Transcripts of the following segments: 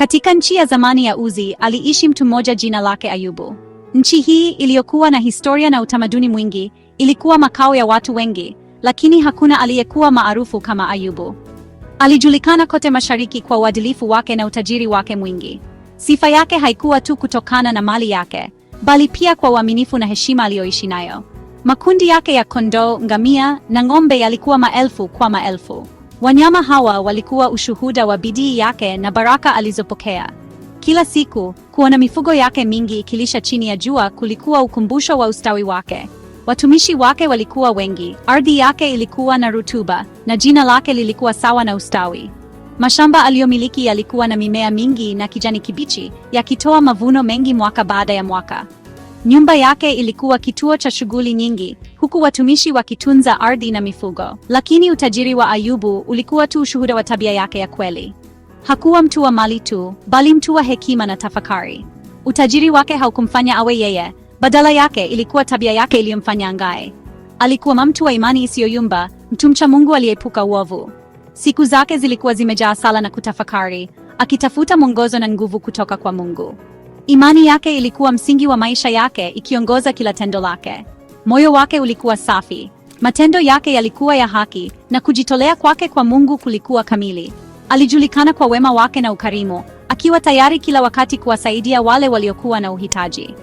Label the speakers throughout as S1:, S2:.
S1: Katika nchi ya zamani ya Uzi aliishi mtu mmoja jina lake Ayubu. Nchi hii iliyokuwa na historia na utamaduni mwingi ilikuwa makao ya watu wengi, lakini hakuna aliyekuwa maarufu kama Ayubu. Alijulikana kote Mashariki kwa uadilifu wake na utajiri wake mwingi. Sifa yake haikuwa tu kutokana na mali yake, bali pia kwa uaminifu na heshima aliyoishi nayo. Makundi yake ya kondoo, ngamia na ng'ombe yalikuwa maelfu kwa maelfu. Wanyama hawa walikuwa ushuhuda wa bidii yake na baraka alizopokea. Kila siku kuona mifugo yake mingi ikilisha chini ya jua kulikuwa ukumbusho wa ustawi wake. Watumishi wake walikuwa wengi, ardhi yake ilikuwa na rutuba, na jina lake lilikuwa sawa na ustawi. Mashamba aliyomiliki yalikuwa na mimea mingi na kijani kibichi, yakitoa mavuno mengi mwaka baada ya mwaka. Nyumba yake ilikuwa kituo cha shughuli nyingi, huku watumishi wakitunza ardhi na mifugo. Lakini utajiri wa Ayubu ulikuwa tu ushuhuda wa tabia yake ya kweli. Hakuwa mtu wa mali tu, bali mtu wa hekima na tafakari. Utajiri wake haukumfanya awe yeye, badala yake ilikuwa tabia yake iliyomfanya angae. Alikuwa mtu wa imani isiyoyumba, mtu mcha Mungu aliyeepuka uovu. Siku zake zilikuwa zimejaa sala na kutafakari, akitafuta mwongozo na nguvu kutoka kwa Mungu. Imani yake ilikuwa msingi wa maisha yake, ikiongoza kila tendo lake. Moyo wake ulikuwa safi, matendo yake yalikuwa ya haki, na kujitolea kwake kwa Mungu kulikuwa kamili. Alijulikana kwa wema wake na ukarimu, akiwa tayari kila wakati kuwasaidia wale waliokuwa na uhitaji.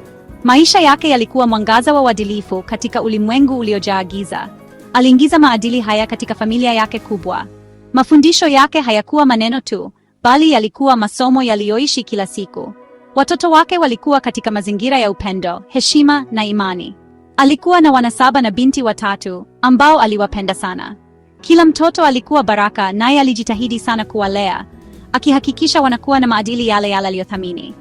S1: Maisha yake yalikuwa mwangaza wa uadilifu katika ulimwengu uliojaa giza. Aliingiza maadili haya katika familia yake kubwa. Mafundisho yake hayakuwa maneno tu, bali yalikuwa masomo yaliyoishi kila siku. Watoto wake walikuwa katika mazingira ya upendo, heshima na imani. Alikuwa na wanasaba na binti watatu ambao aliwapenda sana. Kila mtoto alikuwa baraka, naye alijitahidi sana kuwalea, akihakikisha wanakuwa na maadili yale yale aliyothamini.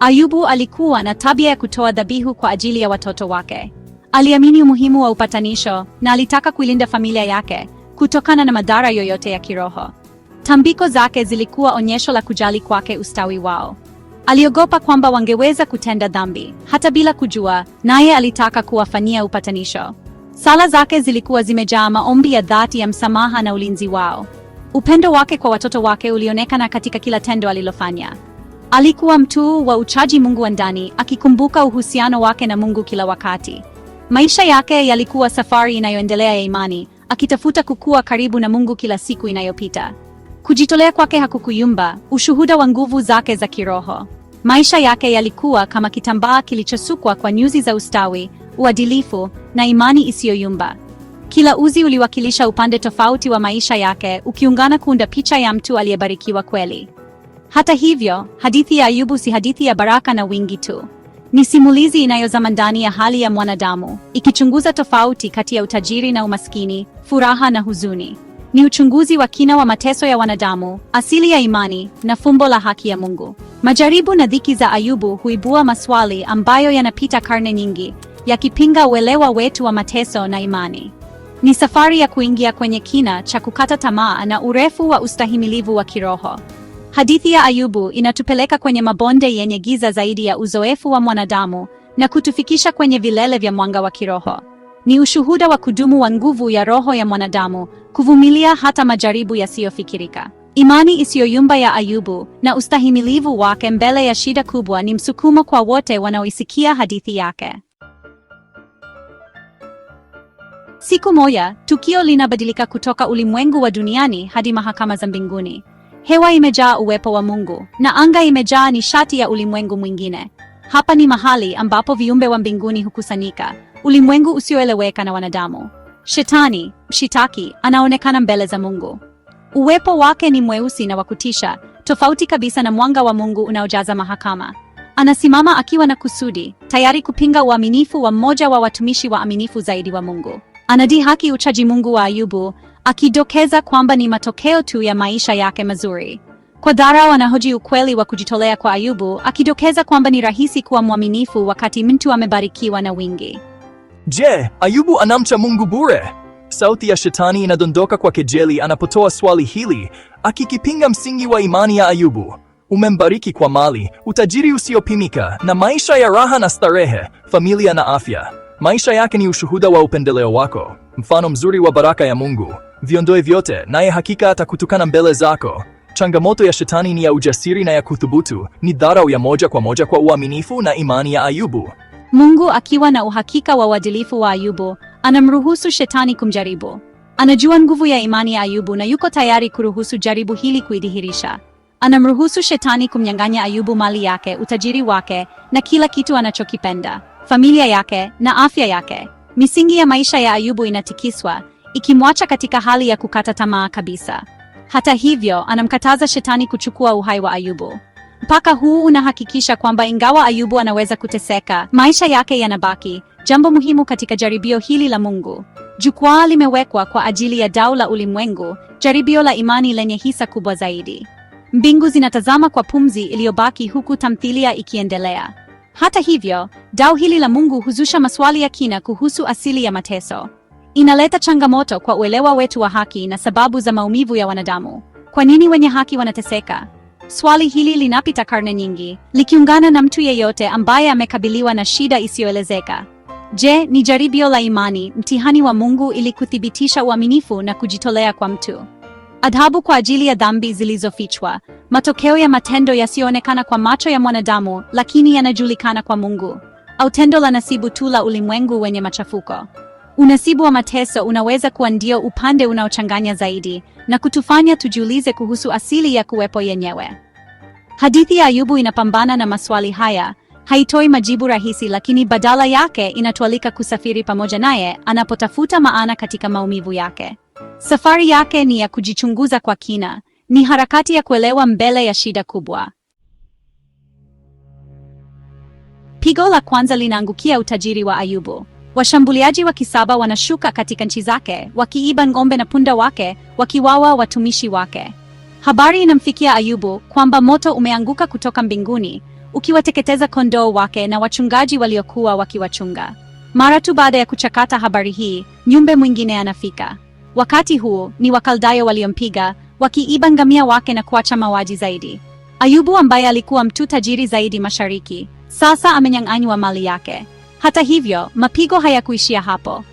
S1: Ayubu alikuwa na tabia ya kutoa dhabihu kwa ajili ya watoto wake. Aliamini umuhimu wa upatanisho na alitaka kuilinda familia yake kutokana na madhara yoyote ya kiroho. Tambiko zake zilikuwa onyesho la kujali kwake ustawi wao. Aliogopa kwamba wangeweza kutenda dhambi hata bila kujua, naye alitaka kuwafanyia upatanisho. Sala zake zilikuwa zimejaa maombi ya dhati ya msamaha na ulinzi wao. Upendo wake kwa watoto wake ulionekana katika kila tendo alilofanya. Alikuwa mtu wa uchaji Mungu wa ndani, akikumbuka uhusiano wake na Mungu kila wakati. Maisha yake yalikuwa safari inayoendelea ya imani, akitafuta kukua karibu na Mungu kila siku inayopita. Kujitolea kwake hakukuyumba, ushuhuda wa nguvu zake za kiroho. Maisha yake yalikuwa kama kitambaa kilichosukwa kwa nyuzi za ustawi, uadilifu na imani isiyoyumba. Kila uzi uliwakilisha upande tofauti wa maisha yake, ukiungana kuunda picha ya mtu aliyebarikiwa kweli. Hata hivyo, hadithi ya Ayubu si hadithi ya baraka na wingi tu. Ni simulizi inayozama ndani ya hali ya mwanadamu, ikichunguza tofauti kati ya utajiri na umaskini, furaha na huzuni ni uchunguzi wa kina wa mateso ya wanadamu, asili ya imani na fumbo la haki ya Mungu. Majaribu na dhiki za Ayubu huibua maswali ambayo yanapita karne nyingi, yakipinga uelewa wetu wa mateso na imani. Ni safari ya kuingia kwenye kina cha kukata tamaa na urefu wa ustahimilivu wa kiroho. Hadithi ya Ayubu inatupeleka kwenye mabonde yenye giza zaidi ya uzoefu wa mwanadamu na kutufikisha kwenye vilele vya mwanga wa kiroho. Ni ushuhuda wa kudumu wa nguvu ya roho ya mwanadamu kuvumilia hata majaribu yasiyofikirika. Imani isiyoyumba ya Ayubu na ustahimilivu wake mbele ya shida kubwa ni msukumo kwa wote wanaoisikia hadithi yake. Siku moja, tukio linabadilika kutoka ulimwengu wa duniani hadi mahakama za mbinguni. Hewa imejaa uwepo wa Mungu na anga imejaa nishati ya ulimwengu mwingine. Hapa ni mahali ambapo viumbe wa mbinguni hukusanyika ulimwengu usioeleweka na wanadamu. Shetani mshitaki anaonekana mbele za Mungu. Uwepo wake ni mweusi na wa kutisha, tofauti kabisa na mwanga wa Mungu unaojaza mahakama. Anasimama akiwa na kusudi, tayari kupinga uaminifu wa mmoja wa watumishi waaminifu zaidi wa Mungu. Anadhihaki uchaji Mungu wa Ayubu, akidokeza kwamba ni matokeo tu ya maisha yake mazuri. Kwa dharau anahoji ukweli wa kujitolea kwa Ayubu, akidokeza kwamba ni rahisi kuwa mwaminifu wakati mtu amebarikiwa na wingi.
S2: Je, Ayubu anamcha Mungu bure? Sauti ya shetani inadondoka kwa kejeli anapotoa swali hili, akikipinga msingi wa imani ya Ayubu. Umembariki kwa mali, utajiri usiopimika na maisha ya raha na starehe, familia na afya. Maisha yake ni ushuhuda wa upendeleo wako, mfano mzuri wa baraka ya Mungu. Viondoe vyote, naye hakika atakutukana mbele zako. Changamoto ya shetani ni ya ujasiri na ya kuthubutu, ni dharau ya moja kwa moja kwa uaminifu na imani ya Ayubu.
S1: Mungu akiwa na uhakika wa uadilifu wa Ayubu, anamruhusu shetani kumjaribu. Anajua nguvu ya imani ya Ayubu na yuko tayari kuruhusu jaribu hili kuidhihirisha. Anamruhusu shetani kumnyang'anya Ayubu mali yake, utajiri wake na kila kitu anachokipenda, familia yake na afya yake. Misingi ya maisha ya Ayubu inatikiswa, ikimwacha katika hali ya kukata tamaa kabisa. Hata hivyo, anamkataza shetani kuchukua uhai wa Ayubu. Mpaka huu unahakikisha kwamba ingawa Ayubu anaweza kuteseka, maisha yake yanabaki. Jambo muhimu katika jaribio hili la Mungu. Jukwaa limewekwa kwa ajili ya dau la ulimwengu, jaribio la imani lenye hisa kubwa zaidi. Mbingu zinatazama kwa pumzi iliyobaki huku tamthilia ikiendelea. Hata hivyo, dau hili la Mungu huzusha maswali ya kina kuhusu asili ya mateso. Inaleta changamoto kwa uelewa wetu wa haki na sababu za maumivu ya wanadamu. Kwa nini wenye haki wanateseka? Swali hili linapita karne nyingi, likiungana na mtu yeyote ambaye amekabiliwa na shida isiyoelezeka. Je, ni jaribio la imani, mtihani wa Mungu ili kuthibitisha uaminifu na kujitolea kwa mtu? Adhabu kwa ajili ya dhambi zilizofichwa, matokeo ya matendo yasiyoonekana kwa macho ya mwanadamu, lakini yanajulikana kwa Mungu, au tendo la nasibu tu la ulimwengu wenye machafuko? Unasibu wa mateso unaweza kuwa ndio upande unaochanganya zaidi na kutufanya tujiulize kuhusu asili ya kuwepo yenyewe. Hadithi ya Ayubu inapambana na maswali haya, haitoi majibu rahisi, lakini badala yake inatualika kusafiri pamoja naye anapotafuta maana katika maumivu yake. Safari yake ni ya kujichunguza kwa kina, ni harakati ya kuelewa mbele ya shida kubwa. Pigo la kwanza linaangukia utajiri wa Ayubu. Washambuliaji wa Kisaba wanashuka katika nchi zake, wakiiba ng'ombe na punda wake, wakiwawa watumishi wake. Habari inamfikia Ayubu kwamba moto umeanguka kutoka mbinguni, ukiwateketeza kondoo wake na wachungaji waliokuwa wakiwachunga. Mara tu baada ya kuchakata habari hii, nyumbe mwingine anafika. Wakati huo ni Wakaldayo waliompiga, wakiiba ngamia wake na kuacha mawaji zaidi. Ayubu ambaye alikuwa mtu tajiri zaidi mashariki, sasa amenyang'anywa mali yake. Hata hivyo, mapigo hayakuishia hapo.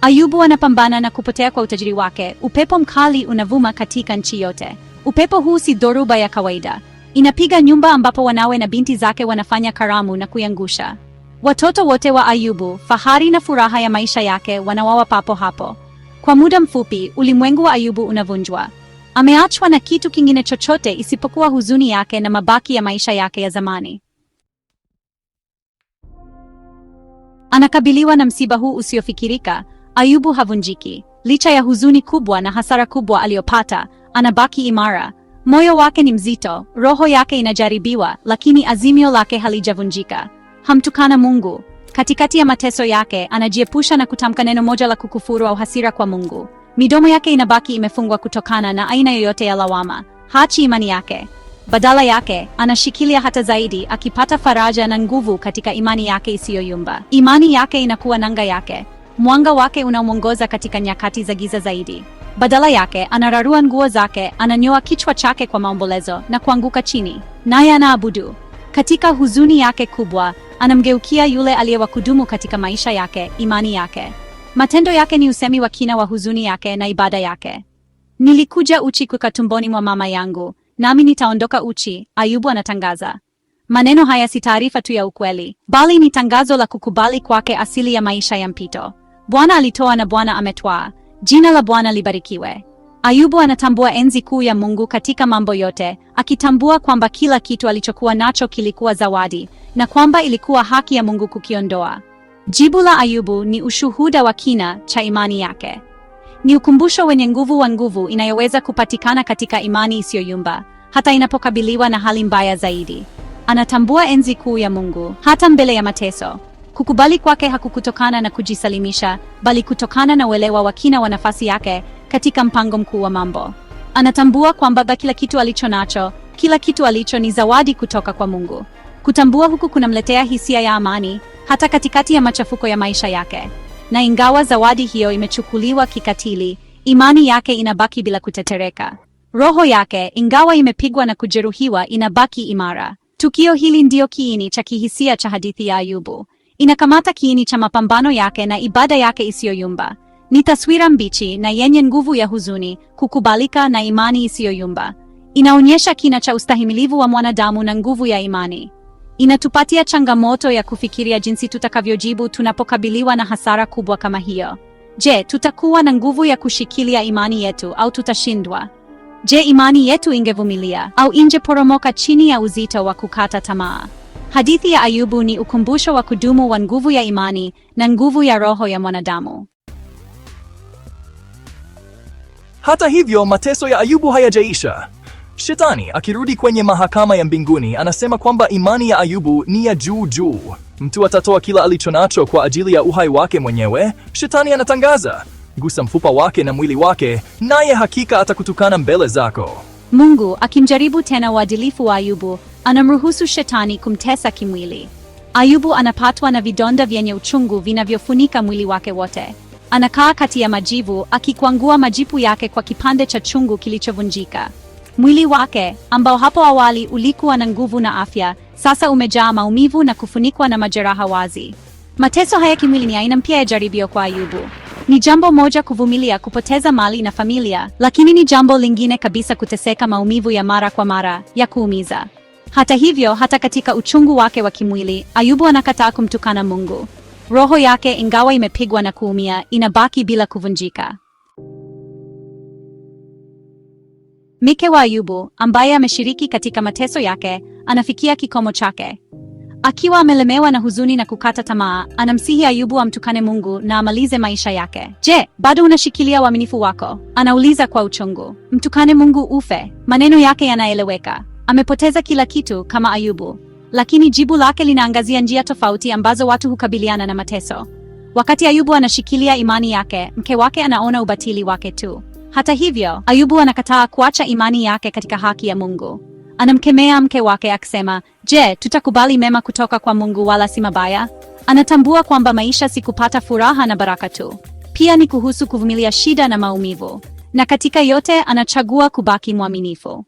S1: Ayubu anapambana na kupotea kwa utajiri wake. Upepo mkali unavuma katika nchi yote. Upepo huu si dhoruba ya kawaida. Inapiga nyumba ambapo wanawe na binti zake wanafanya karamu na kuiangusha. Watoto wote wa Ayubu, fahari na furaha ya maisha yake, wanawawa papo hapo. Kwa muda mfupi, ulimwengu wa Ayubu unavunjwa. Ameachwa na kitu kingine chochote isipokuwa huzuni yake na mabaki ya maisha yake ya zamani. Anakabiliwa na msiba huu usiofikirika, Ayubu havunjiki. Licha ya huzuni kubwa na hasara kubwa aliyopata, anabaki imara. Moyo wake ni mzito, roho yake inajaribiwa, lakini azimio lake halijavunjika. Hamtukana Mungu. Katikati ya mateso yake, anajiepusha na kutamka neno moja la kukufuru au hasira kwa Mungu. Midomo yake inabaki imefungwa kutokana na aina yoyote ya lawama. hachi imani yake. Badala yake anashikilia hata zaidi, akipata faraja na nguvu katika imani yake isiyoyumba. Imani yake inakuwa nanga yake, mwanga wake unamwongoza katika nyakati za giza zaidi. Badala yake anararua nguo zake, ananyoa kichwa chake kwa maombolezo na kuanguka chini, naye anaabudu. Katika huzuni yake kubwa, anamgeukia yule aliyewakudumu katika maisha yake, imani yake. Matendo yake ni usemi wa kina wa huzuni yake na ibada yake. Nilikuja uchi kuka tumboni mwa mama yangu nami nitaondoka uchi, Ayubu anatangaza. Maneno haya si taarifa tu ya ukweli, bali ni tangazo la kukubali kwake asili ya maisha ya mpito. Bwana alitoa na Bwana ametwaa, jina la Bwana libarikiwe. Ayubu anatambua enzi kuu ya Mungu katika mambo yote, akitambua kwamba kila kitu alichokuwa nacho kilikuwa zawadi na kwamba ilikuwa haki ya Mungu kukiondoa. Jibu la Ayubu ni ushuhuda wa kina cha imani yake. Ni ukumbusho wenye nguvu wa nguvu inayoweza kupatikana katika imani isiyoyumba, hata inapokabiliwa na hali mbaya zaidi. Anatambua enzi kuu ya Mungu hata mbele ya mateso. Kukubali kwake hakukutokana na kujisalimisha, bali kutokana na uelewa wa kina wa nafasi yake katika mpango mkuu wa mambo. Anatambua kwamba kila kitu alicho nacho, kila kitu alicho ni zawadi kutoka kwa Mungu. Kutambua huku kunamletea hisia ya amani hata katikati ya machafuko ya maisha yake na ingawa zawadi hiyo imechukuliwa kikatili, imani yake inabaki bila kutetereka. Roho yake, ingawa imepigwa na kujeruhiwa, inabaki imara. Tukio hili ndiyo kiini cha kihisia cha hadithi ya Ayubu. Inakamata kiini cha mapambano yake na ibada yake isiyoyumba. Ni taswira mbichi na yenye nguvu ya huzuni, kukubalika na imani isiyoyumba. Inaonyesha kina cha ustahimilivu wa mwanadamu na nguvu ya imani. Inatupatia changamoto ya kufikiria jinsi tutakavyojibu tunapokabiliwa na hasara kubwa kama hiyo. Je, tutakuwa na nguvu ya kushikilia imani yetu au tutashindwa? Je, imani yetu ingevumilia au ingeporomoka chini ya uzito wa kukata tamaa? Hadithi ya Ayubu ni ukumbusho wa kudumu wa nguvu ya imani na nguvu ya roho ya mwanadamu.
S2: Hata hivyo, mateso ya Ayubu hayajaisha. Shetani akirudi kwenye mahakama ya mbinguni anasema kwamba imani ya Ayubu ni ya juu juu. Mtu atatoa kila alichonacho kwa ajili ya uhai wake mwenyewe. Shetani anatangaza, gusa mfupa wake na mwili wake, naye hakika atakutukana mbele zako.
S1: Mungu akimjaribu tena uadilifu wa Ayubu, anamruhusu Shetani kumtesa kimwili. Ayubu anapatwa na vidonda vyenye uchungu vinavyofunika mwili wake wote. Anakaa kati ya majivu akikwangua majipu yake kwa kipande cha chungu kilichovunjika. Mwili wake ambao hapo awali ulikuwa na nguvu na afya, sasa umejaa maumivu na kufunikwa na majeraha wazi. Mateso haya kimwili ni aina mpya ya jaribio kwa Ayubu. Ni jambo moja kuvumilia kupoteza mali na familia, lakini ni jambo lingine kabisa kuteseka maumivu ya mara kwa mara ya kuumiza. Hata hivyo, hata katika uchungu wake wa kimwili, Ayubu anakataa kumtukana Mungu. Roho yake, ingawa imepigwa na kuumia, inabaki bila kuvunjika. Mke wa Ayubu ambaye ameshiriki katika mateso yake anafikia kikomo chake. Akiwa amelemewa na huzuni na kukata tamaa, anamsihi Ayubu amtukane Mungu na amalize maisha yake. Je, bado unashikilia uaminifu wako? Anauliza kwa uchungu. Mtukane Mungu ufe. Maneno yake yanaeleweka. Amepoteza kila kitu kama Ayubu, lakini jibu lake linaangazia njia tofauti ambazo watu hukabiliana na mateso. Wakati Ayubu anashikilia imani yake, mke wake anaona ubatili wake tu. Hata hivyo, Ayubu anakataa kuacha imani yake katika haki ya Mungu. Anamkemea mke wake akisema, je, tutakubali mema kutoka kwa Mungu wala si mabaya? Anatambua kwamba maisha si kupata furaha na baraka tu, pia ni kuhusu kuvumilia shida na maumivu, na katika yote anachagua kubaki mwaminifu.